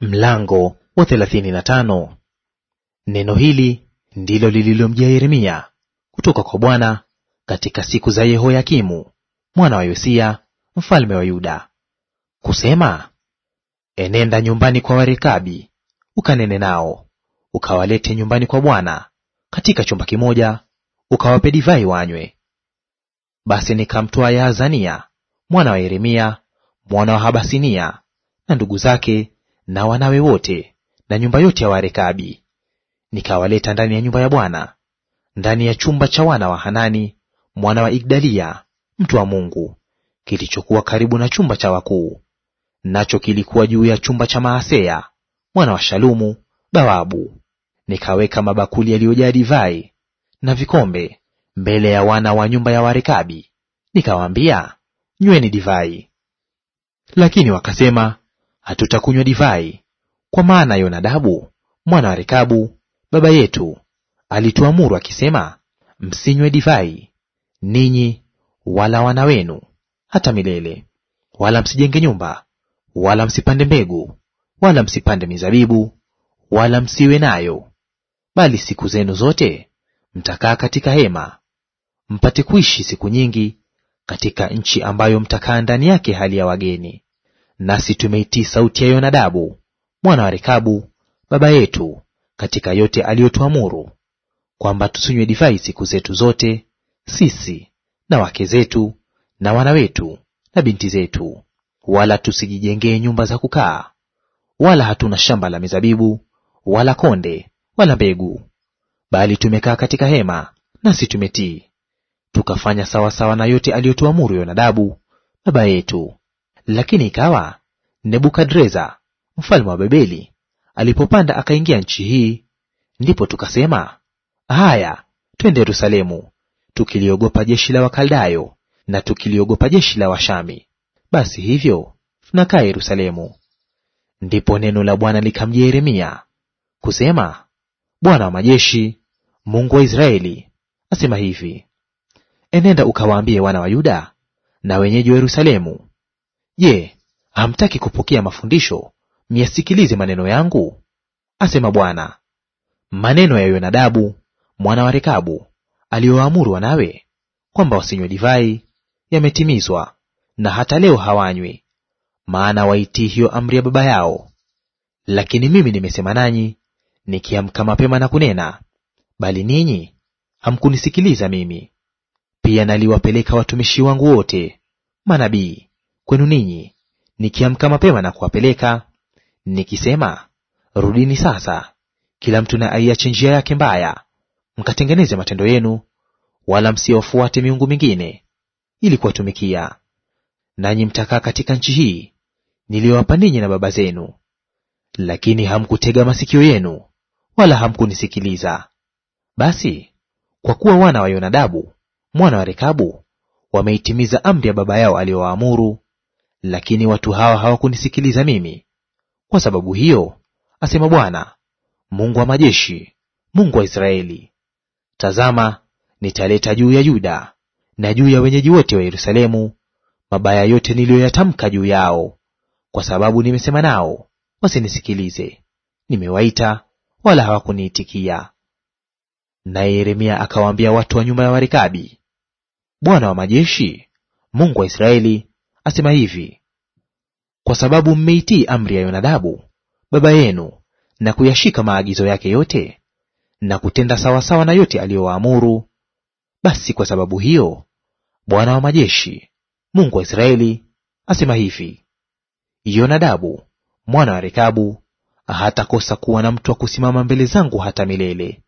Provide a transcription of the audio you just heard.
Mlango wa thelathini na tano. Neno hili ndilo lililomjia Yeremia kutoka kwa Bwana katika siku za Yehoyakimu mwana wa Yosia mfalme wa Yuda, kusema, enenda nyumbani kwa Warekabi ukanene nao, ukawalete nyumbani kwa Bwana katika chumba kimoja, ukawape divai wanywe. Basi nikamtoa Yaazania mwana wa Yeremia mwana wa Habasinia na ndugu zake na wanawe wote na nyumba yote ya Warekabi, nikawaleta ndani ya nyumba ya Bwana, ndani ya chumba cha wana wa Hanani mwana wa Igdalia mtu wa Mungu, kilichokuwa karibu na chumba cha wakuu, nacho kilikuwa juu ya chumba cha Maaseya mwana wa Shalumu bawabu. Nikaweka mabakuli yaliyojaa divai na vikombe mbele ya wana wa nyumba ya Warekabi, nikawaambia, nyweni divai. Lakini wakasema hatutakunywa divai, kwa maana Yonadabu mwana wa Rekabu baba yetu alituamuru akisema, msinywe divai ninyi wala wana wenu hata milele, wala msijenge nyumba, wala msipande mbegu, wala msipande mizabibu, wala msiwe nayo; bali siku zenu zote mtakaa katika hema, mpate kuishi siku nyingi katika nchi ambayo mtakaa ndani yake hali ya wageni nasi tumeitii sauti ya Yonadabu mwana wa Rekabu baba yetu katika yote aliyotuamuru, kwamba tusinywe divai siku zetu zote, sisi na wake zetu na wana wetu na binti zetu, wala tusijijengee nyumba za kukaa, wala hatuna shamba la mizabibu wala konde wala mbegu, bali tumekaa katika hema, nasi tumetii, tukafanya sawasawa na yote aliyotuamuru Yonadabu baba yetu, lakini ikawa Nebukadreza mfalme wa Babeli alipopanda akaingia nchi hii, ndipo tukasema, haya twende Yerusalemu, tukiliogopa jeshi la Wakaldayo na tukiliogopa jeshi la Washami; basi hivyo tunakaa Yerusalemu. Ndipo neno la Bwana likamjia Yeremia kusema, Bwana wa majeshi, Mungu wa Israeli asema hivi, enenda ukawaambie wana wa Yuda na wenyeji wa Yerusalemu Je, hamtaki kupokea mafundisho myasikilize maneno yangu? asema Bwana. Maneno ya Yonadabu mwana wa Rekabu aliyowaamuru wanawe kwamba wasinywe divai yametimizwa, na hata leo hawanywi, maana waitii hiyo amri ya baba yao. Lakini mimi nimesema nanyi nikiamka mapema na kunena, bali ninyi hamkunisikiliza mimi. Pia naliwapeleka watumishi wangu wote manabii kwenu ninyi, nikiamka mapema na kuwapeleka, nikisema, Rudini sasa, kila mtu na aiache njia yake mbaya, mkatengeneze matendo yenu, wala msiwafuate miungu mingine ili kuwatumikia; nanyi mtakaa katika nchi hii niliyowapa ninyi na baba zenu. Lakini hamkutega masikio yenu, wala hamkunisikiliza. Basi kwa kuwa wana wa Yonadabu mwana wa Rekabu wameitimiza amri ya baba yao aliyowaamuru, lakini watu hawa hawakunisikiliza mimi. Kwa sababu hiyo, asema Bwana Mungu wa majeshi, Mungu wa Israeli, tazama, nitaleta juu ya Yuda na juu ya wenyeji wote wa Yerusalemu mabaya yote niliyoyatamka juu yao, kwa sababu nimesema nao wasinisikilize, nimewaita wala hawakuniitikia. Naye Yeremia akawaambia watu wa nyumba ya Warekabi, Bwana wa majeshi, Mungu wa Israeli asema hivi: kwa sababu mmeitii amri ya Yonadabu baba yenu, na kuyashika maagizo yake yote na kutenda sawasawa na yote aliyowaamuru, basi kwa sababu hiyo Bwana wa majeshi Mungu wa Israeli asema hivi, Yonadabu mwana wa Rekabu hatakosa kuwa na mtu wa kusimama mbele zangu hata milele,